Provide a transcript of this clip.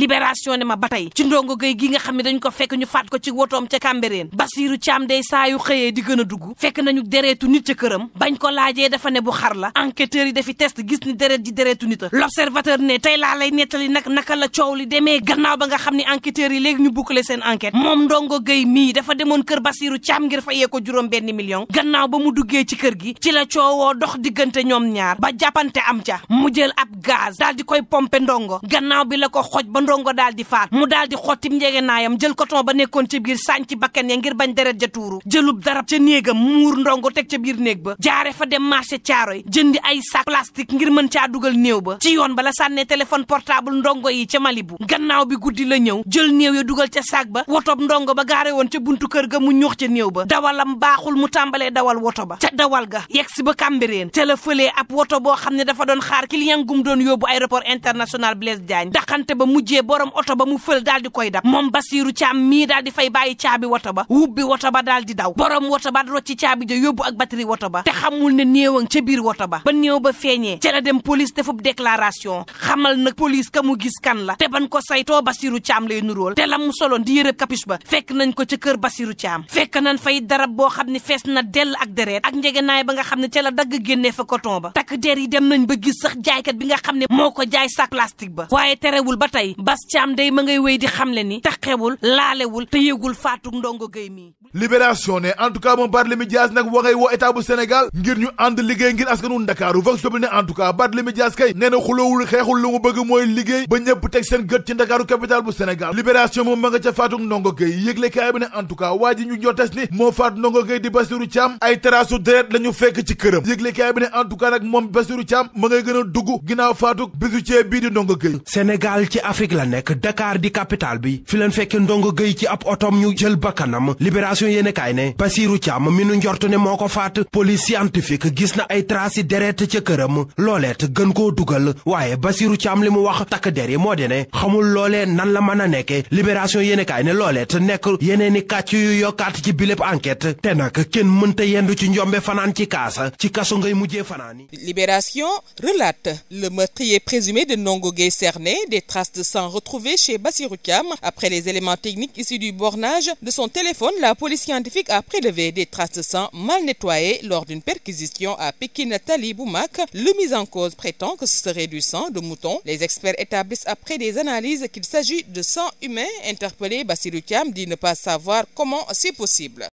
libération ne ma ba tey ci ndongo gay gi nga xam ne dañ ko fekk ñu faat ko ci wotoom ca Cambérène Basiiru Caam day saa yu xëyee di gën a dugg fekk nañu dereetu nit ca këram bañ ko laajee dafa ne bu xar la enquêteurs yi dafi test gis ni dereet ji dereetu nit a l'observateur ne tey laa lay nettali nag naka la coow li demee gannaaw ba nga xam ne enquêteurs yi léegi ñu boucler seen enquête moom ndongo gay mii dafa demoon kër Basiiru Caam ngir fa ko juróom benn million gannaaw ba mu duggee ci kër gi ci la coowoo dox diggante ñoom ñaar ba jàppante am ca mu jël ab gaz daal koy pompe ndongo gannaaw bi la ko xoj ba ndongo dal di faat mu dal di xottim njegenaayam jël coton ba nekkon ci biir sànc ci bakken ya ngir bañ deret ja tuuru jëlub darab ci neegam mur ndongo tek ci biir neeg ba jaare fa dem marché tiaroy jëndi ay sac plastique ngir mën dugal neew ba ci yoon ba la téléphone portable ndongo yi ci malibu gannaaw bi guddi la ñew jël neew ya dugal ca sac ba wotob ndongo ba gaare won ci buntu kër ga mu ñox ci neew ba dawalam baaxul mu dawal woto ba ca dawal ga yegsi ba kàmbireen ca la feulé ab woto bo xam dafa doon xaar client gum doon yóbbu aéroport international Blaise Diagne daxante ba mujjé yëkkatee borom oto ba mu fël daal di koy dab moom Basiiru Caam mii daal di fay bàyyi caabi woto ba wubbi woto ba daal di daw borom woto ba rocci caabi ja yóbbu ak batterie woto ba te xamul ne néewang ca biir woto ba ba néew ba feeñee ca la dem police defub déclaration xamal na police ka mu gis kan la te ban ko saytoo Basiiru Caam lay nuróol te la mu soloon di yërëb capuche ba fekk nañ ko ca kër Basiiru Caam fekk nañ fay darab boo xam ne fees na dell ak deret ak njegenaay ba nga xam ne ca la dagg génnee fa coton ba takk der yi dem nañ ba gis sax jaaykat bi nga xam ne moo ko jaay sac plastique ba waaye terewul ba tey Bas Thiam day ma ngay wéy di xamle ni taxewul laalewul te yëgul faatu ndongo Gueye mii ne en tout cas moom Barthélémy Dias nag wa ngay woo état bu Sénégal liggéey ngir askanu Ndakaaru vox en tout cas Barthélémy Dias kay nee na xulawul libération ma moo faatu ndongo Gueye di Bassirou Thiam ay trasu deret la ñu fekk ci këram yëgle kaay bi ne en tout cas nag moom Bassirou Thiam ngay gën a dugg ginnaaw faatu bijoutier bii di ndongo Gueye Sénégal ci Afrique la nekk Dakar di capital bi fi leen fekk ndongo gëy ci ab otom ñu jël bakkanam libération yéene ne Basiiru Caam mi nu njort ne moo ko faat police scientifique gis na ay traces deret ca këram looleet gën koo dugal waaye Basiiru Caam li mu wax takk der yi moo di ne xamul loolee nan la mën a nekke libération yéene kaay ne looleet nekk yeneeni kàcc yu yokkaat ci bileb enquête te nag kenn mënta yendu ci njombe fanaan ci kaasa ci kaso ngay mujjee fanaani Libération relate le meurtrier présumé de Ndongo Gueye cerné retrouvé chez Bassirukam. Après les éléments techniques issus du bornage de son téléphone, la police scientifique a prélevé des traces de sang mal nettoyées lors d'une perquisition à Pékin Taliboumak. Le mis en cause prétend que ce serait du sang de mouton. Les experts établissent après des analyses qu'il s'agit de sang humain. Interpellé, Bassirukam dit ne pas savoir comment c'est possible.